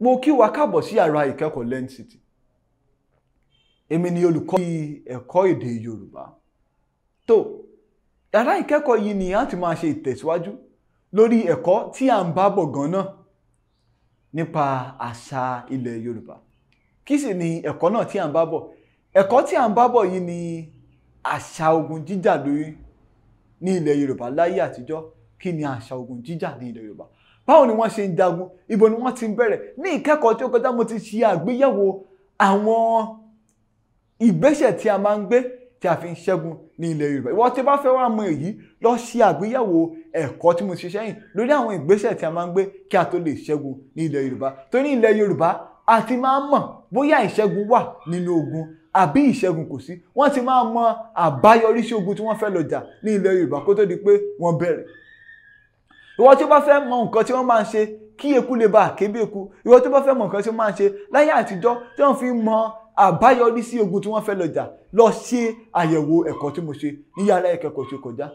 mo kí wa káàbọ̀ sí yàrá ìkẹ́kọ̀ọ́ LearnCity èmi ni olùkọ́ ẹ̀kọ́ èdè Yorùbá tó yàrá ìkẹ́kọ̀ọ́ yìí ni a ti máa ṣe ìtẹ̀síwájú lórí ẹ̀kọ́ tí à ń bá bọ̀ gan-an nípa àṣà ilẹ̀ Yorùbá kí sì ni ẹ̀kọ́ náà tí à ń bá bọ̀ ẹ̀kọ́ tí à ń bá bọ̀ yìí ni àṣà ogun jíjà lórí ní ilẹ̀ Yorùbá láyé àtijọ́ kí ni àṣà ogun jíjà ní ilẹ̀ Yorùbá báwo ni wọ́n ṣe ń jagun ibo ni wọ́n ti ń bẹ̀rẹ̀ ní ìkẹ́kọ̀ọ́ tí ó kọjá mo ti ṣe àgbéyẹ̀wò àwọn ìgbésẹ̀ tí a máa ń gbé tí a fi ń ṣẹ́gun ní ilẹ̀ Yorùbá ìwọ tí bá fẹ́ wá mọ èyí lọ ṣe àgbéyẹ̀wò ẹ̀kọ́ tí mo ṣe sẹ́yìn lórí àwọn ìgbésẹ̀ tí a máa ń gbé kí a tó lè ṣẹ́gun ní ilẹ̀ Yorùbá torí ilẹ̀ Yorùbá a ti máa ń mọ̀ bóyá ìṣẹ́gun wà nínú ogun àbí ìṣẹ́gun kò sí wọ́n ti máa mọ àbáyọrí sí ogun tí wọ́n fẹ́ lọ jà ní ilẹ̀ Yorùbá kó tó di pé wọ́n bẹ̀rẹ̀ ìwọ tí ó bá fẹ́ mọ nǹkan tí wọ́n máa ń ṣe kí eku lè bá àkébí eku ìwọ tí ó bá fẹ́ mọ nǹkan tí wọ́n máa ń ṣe láyé àtijọ́ tí wọ́n fi mọ àbáyọrí sí ogun tí wọ́n fẹ́ lọ jà lọ ṣe àyẹ̀wò ẹ̀kọ́ tí mo ṣe ní yàrá ìkẹ́kọ̀ọ́ tí ó kọjá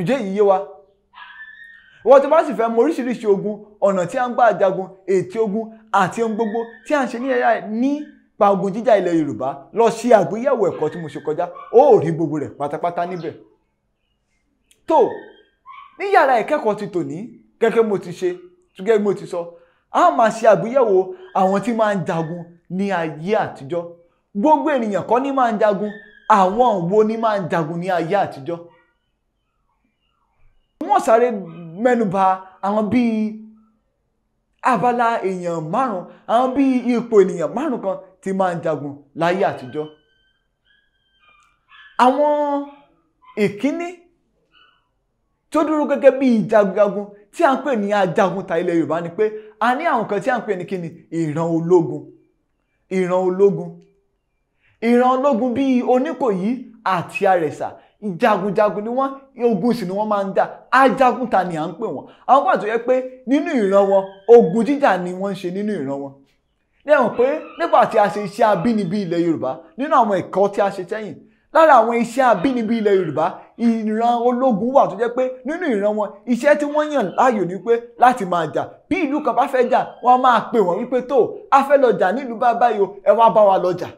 ǹjẹ́ èyí yé wa ìwọ tí bá sì fẹ́ mọ oríṣiríṣi ogun ọ̀nà tí a ń gbà jagun ètí ogun àti ohun gbogbo tí a ń ṣe ní yàrá ní pa ogun jíjà ilẹ̀ yorùbá lọ ṣe àgbéyẹ̀wò ẹ̀kọ́ tí mo ṣe kọjá ó rí gbogbo rẹ̀ pátápátá níbẹ̀ tó ní yàrá ìkẹ́kọ̀ọ́ ti tòní gẹ́gẹ́ mo ti ṣe gẹ́gẹ́ mo ti sọ a máa ṣe àgbéyẹ̀wò àwọn tí máa ń jagun ní ayé àtijọ́ gbogbo ènìyàn kọ́ ni máa ń jagun àwọn wo ni máa ń jagun ní ayé àtijọ́ wọ́n sáré mẹ́nuba àwọn bíi abala èèyàn márùn àwọn bíi ipò ènìyàn márùn kan tí máa ń jagun láyé àtijọ́ àwọn ìkíní. E tó dúró gẹ́gẹ́ bí ìjagunjagun tí à ń pè ní ajagunta ilẹ̀ yorùbá ni pé a ní àwọn kan tí à ń pè ní kíni ìran ológun ìran ológun ìran ológun bíi oníkòyí àti àrẹ̀sà jagunjagun ni wọ́n ogun sì ni wọ́n máa ń jà ajagunta ni à ń pè wọ́n àwọn pàtó yẹ pé nínú ìran wọn ogun jíjà ni wọ́n ń ṣe nínú ìran wọn lẹ́wọ̀n pé nígbà tí a ṣe iṣẹ́ abínibí ilẹ̀ yorùbá nínú àwọn ẹ̀kọ́ tí a ṣe sẹ́yìn lára àwọn iṣẹ́ abínibí ilẹ̀ yorùbá ìran ológun wà tó jẹ́ pé nínú ìran wọn iṣẹ́ tí wọ́n yàn láàyò ni pé láti máa jà bí ìlú kan bá fẹ́ jà wọ́n á máa pè wọ́n wípé tó a fẹ́ lọ jà nílùú bá báyìí o ẹ wá bá wa lọ jà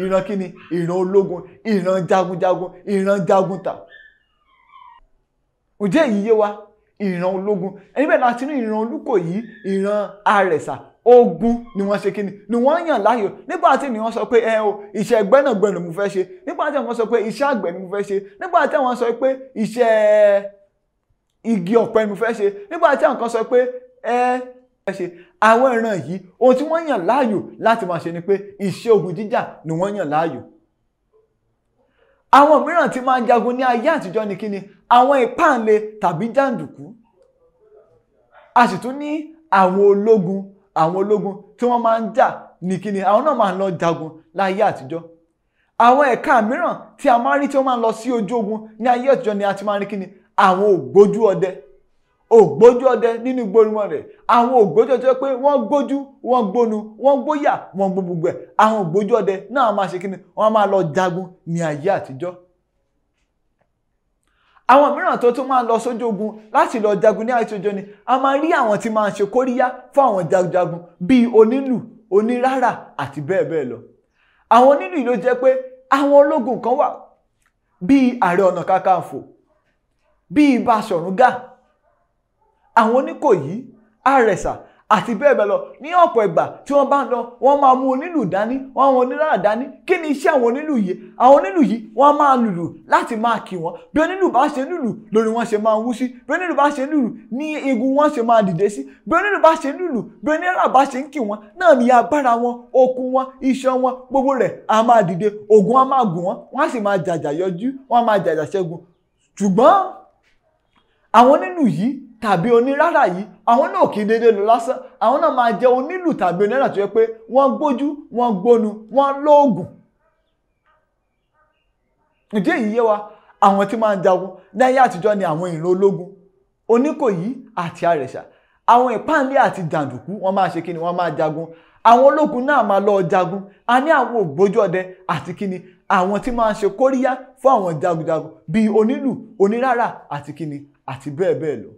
ìran kíni ìran ológun ìran jagunjagun ìran jagunta ǹjẹ́ èyí yé wa ìran ológun ẹni bẹ́ẹ̀ láti ní ìran olúkòyí ìran àrẹ̀sà ogun ni wọ́n ṣe kíni ni wọ́n yàn láàyò nígbà tí ni wọ́n sọ pé ẹ o iṣẹ́ gbẹ́nàgbẹ́nà mo fẹ́ ṣe nígbà tí wọ́n sọ pé iṣẹ́ àgbẹ̀ ni mo fẹ́ ṣe nígbà tí wọ́n sọ pé iṣẹ́ igi ọ̀pẹ ni mo fẹ́ ṣe nígbà tí àwọn kan sọ pé ẹ fẹ́ ṣe àwọn ìran yìí ohun tí wọ́n yàn láàyò láti máa ṣe ni pé iṣẹ́ ogun jíjà ni wọ́n yàn láàyò àwọn mìíràn tí máa ń jagun ní ayé àtijọ́ ni kíni àwọn ìpáǹle tàbí jàǹdùkú a sì tún ní àwọn ológun àwọn ológun tí wọ́n máa ń jà ní kíni àwọn náà máa ń lọ jagun láyé àtijọ́ àwọn ẹ̀ka mìíràn tí a máa ń rí tí wọ́n máa ń lọ sí ojú ogun ní ayé àtijọ́ ni a ti máa ń rí kíni àwọn ògbójú ọdẹ ògbójú ọdẹ nínú gbórímọ rẹ àwọn ògbójú ọdẹ pé wọ́n gbójú wọ́n gbónu wọ́n gbóyà wọ́n gbogbo àwọn ògbójú ọdẹ náà máa ṣe kíni wọ́n máa lọ jagun ní ayé àtijọ́ àwọn mìíràn tó tún máa ń lọ sójú ogun láti lọ jagun ní àìsójó ni a máa rí àwọn tí máa ń ṣe kóríyá fún àwọn jagunjagun bíi onílù onírárà àti bẹ́ẹ̀ bẹ́ẹ̀ lọ àwọn onílù yìí ló jẹ́ pé àwọn ológun kan wà bíi ààrẹ ọ̀nà kakanfò bíi Baṣọ̀run Gáà àwọn oníkòyí àrẹ̀sà àti bẹ́ẹ̀ bẹ́ẹ̀ lọ ní ọ̀pọ̀ ìgbà tí wọ́n bá ń lọ wọ́n máa mú onílù dání wọ́n àwọn onílára dání kí ni iṣẹ́ àwọn onílù yìí àwọn onílù yìí wọ́n máa lùlù láti máa kì wọ́n bí onílù bá ṣe lùlù lórí wọn ṣe máa wú sí bí onílù bá ṣe lùlù ní igun wọn ṣe máa dìde sí bí onílù bá ṣe lùlù bí onílára bá ṣe ń kì wọ́n náà ní agbára wọn okun wọn iṣan wọn gbogbo rẹ̀ á máa dìde ogun tàbí onírárà yìí àwọn náà kì í déédéé lọ lásán àwọn náà máa jẹ́ onílù tàbí onírárà tó yẹ pé wọ́n gbójú wọ́n gbónu wọ́n lóògùn. ǹjẹ́ èyí yé wa àwọn tí máa ń jagun láyé àtijọ́ ni àwọn ìran ológun oníkòyí àti àrẹ̀ṣà àwọn ìpáǹlé àti jàǹdùkú wọ́n máa ṣe kíni wọ́n máa jagun àwọn ológun náà máa lọ jagun a ní àwọn ògbójú ọdẹ àti kíni àwọn tí máa ń ṣe kóríyá fún àwọn jagunjagun bíi onílù onírárà àti kíni àti bẹ́ẹ̀ bẹ́ẹ̀ lọ.